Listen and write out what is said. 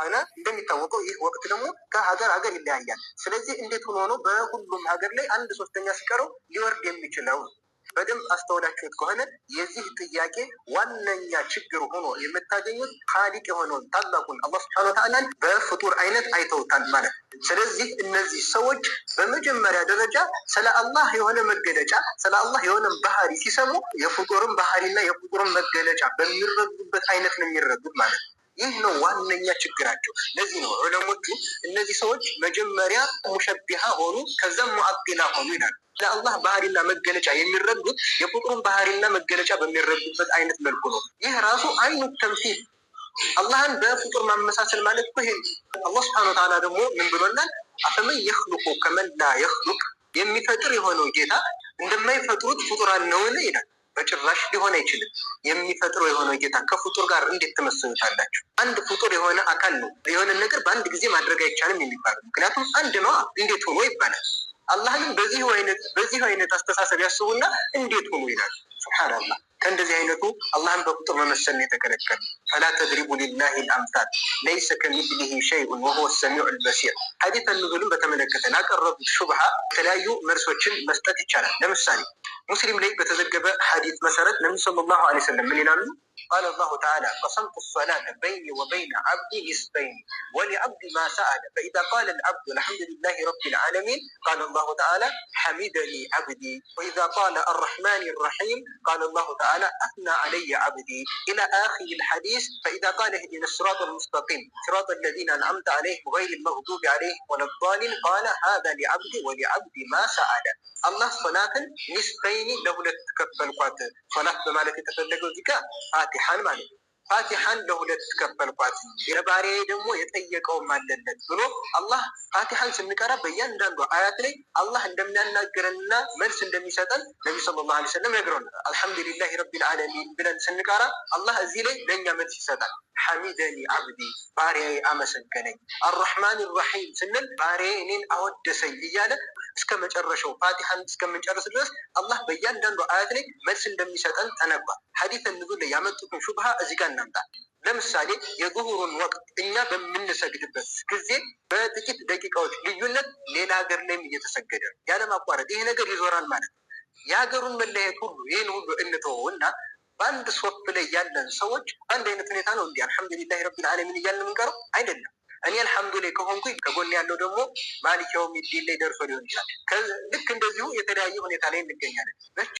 ከሆነ እንደሚታወቀው ይህ ወቅት ደግሞ ከሀገር ሀገር ይለያያል። ስለዚህ እንዴት ሆኖ ነው በሁሉም ሀገር ላይ አንድ ሶስተኛ ሲቀረው ሊወርድ የሚችለው? በደንብ አስተውላችሁት ከሆነ የዚህ ጥያቄ ዋነኛ ችግር ሆኖ የምታገኙት ኻሊቅ የሆነውን ታላቁን አላህ ሱብሓነሁ ወተዓላን በፍጡር አይነት አይተውታል ማለት ነው። ስለዚህ እነዚህ ሰዎች በመጀመሪያ ደረጃ ስለ አላህ የሆነ መገለጫ ስለ አላህ የሆነ ባህሪ ሲሰሙ የፍጡርን ባህሪና የፍጡርን መገለጫ በሚረጉበት አይነት ነው የሚረጉት ማለት ነው። ይህ ነው ዋነኛ ችግራቸው። ለዚህ ነው ዑለሞቹ እነዚህ ሰዎች መጀመሪያ ሙሸቢሃ ሆኑ፣ ከዛም ሙአጢላ ሆኑ ይላሉ። ለአላህ ባህሪና መገለጫ የሚረዱት የፍጡሩን ባህሪና መገለጫ በሚረዱበት አይነት መልኩ ነው። ይህ ራሱ አይኑ ተምሲል አላህን በፍጡር ማመሳሰል ማለት እኮ ይሄ። አላህ ስብሐነ ወተዓላ ደግሞ ምን ብሎናል? አፈመን የኽሉቁ ከመን ላ የኽሉቅ የሚፈጥር የሆነው ጌታ እንደማይፈጥሩት ፍጡራን ነውን ይላል። በጭራሽ ሊሆን አይችልም። የሚፈጥረው የሆነው ጌታ ከፍጡር ጋር እንዴት ትመስሉታላችሁ? አንድ ፍጡር የሆነ አካል ነው። የሆነ ነገር በአንድ ጊዜ ማድረግ አይቻልም የሚባለው ምክንያቱም አንድ ነዋ። እንዴት ሆኖ ይባላል። ግን በዚሁ አይነት በዚሁ አይነት አስተሳሰብ ያስቡና እንዴት ሆኖ ይላል። ሱብሓነላህ። ከእንደዚህ አይነቱ አላህን በፍጡር መመሰል ነው የተከለከለ። ፈላ ተድሪቡ ሊላሂ ልአምሳል ለይሰ ከሚስሊሂ ሸይኡን ወሆ ሰሚዑ ልበሲር። ሐዲት ንብሉን በተመለከተ ላቀረቡት ሹብሃ የተለያዩ መልሶችን መስጠት ይቻላል። ለምሳሌ ሙስሊም ላይ በተዘገበ ሐዲት መሰረት ነቢ ሰለላሁ ዐለይሂ ወሰለም ምን ይላሉ? ቃለ ላሁ ተዓላ ቀሰምቱ ሰላተ በይኒ ወበይነ ዓብዲ ኒስፈይን ወሊዓብዲ ማ ሰአለ ፈኢዛ ቃለ ልዓብዱ አልሐምዱሊላህ ረቢል ዓለሚን ቃለ ላሁ ተዓላ ሐሚደኒ ዓብዲ ወኢዛ ቃለ አርሕማን ራሒም ቃለ ላሁ ተዓላ አፍና ዐለየ ዓብዲ ኢላ አኺር ልሐዲስ ፈኢዛ ቃለ እህዲና ስራጥ ልሙስተቂም ስራጥ ለዚነ አንዓምተ ዐለይህም ገይር ልመግዱብ ዐለይህም ወለዳሊን ቃለ ሃذا لعبدي ولعبدي ما سأله አላህ ሶላትን ኒስፈይኒ ለሁለት ከፈልኳት። ሶላት በማለት የተፈለገው እዚህ ጋር ፋቲሓን ማለት ነው። ፋቲሓን ለሁለት ከፈልኳት የባሪያዬ ደግሞ የጠየቀውም አለለት ብሎ አላህ ፋቲሓን ስንቀራ በእያንዳንዱ አያት ላይ አላህ እንደሚያናገረንና መልስ እንደሚሰጠን ነቢ ሰለላሁ ዐለይሂ ወሰለም ነግረውናል። አልሐምዱሊላህ ረቢል ዓለሚን ብለን ስንቀራ አላህ እዚህ ላይ ለእኛ መልስ ይሰጣል። ሐሚደኒ አብዲ ባሪያዬ አመሰገነኝ፣ አርራሕማን ራሒም ስንል ባሪያዬ እኔን አወደሰኝ እያለ እስከ መጨረሻው ፋቲሐን እስከምንጨርስ ድረስ አላህ በእያንዳንዱ አያት ላይ መልስ እንደሚሰጠን ተነግሯል። ሀዲተ ንዙ ላይ ያመጡትን ሹብሃ እዚህ ጋር እናምጣል። ለምሳሌ የዙሁሩን ወቅት እኛ በምንሰግድበት ጊዜ በጥቂት ደቂቃዎች ልዩነት ሌላ ሀገር ላይም እየተሰገደ ነው ያለማቋረጥ። ይሄ ነገር ይዞራል ማለት ነው። የሀገሩን መለያየት ሁሉ ይህን ሁሉ እንተወው እና በአንድ ሶፍ ላይ ያለን ሰዎች አንድ አይነት ሁኔታ ነው እንዲህ አልሐምዱሊላህ ረብልዓለሚን ዓለሚን እያልን የምንቀረው አይደለም። እኔ አልሐምዱ ላይ ከሆንኩኝ ከጎን ያለው ደግሞ ማሊክ የውሚዲን ላይ ደርሶ ሊሆን ይችላል። ልክ እንደዚሁ የተለያየ ሁኔታ ላይ እንገኛለን።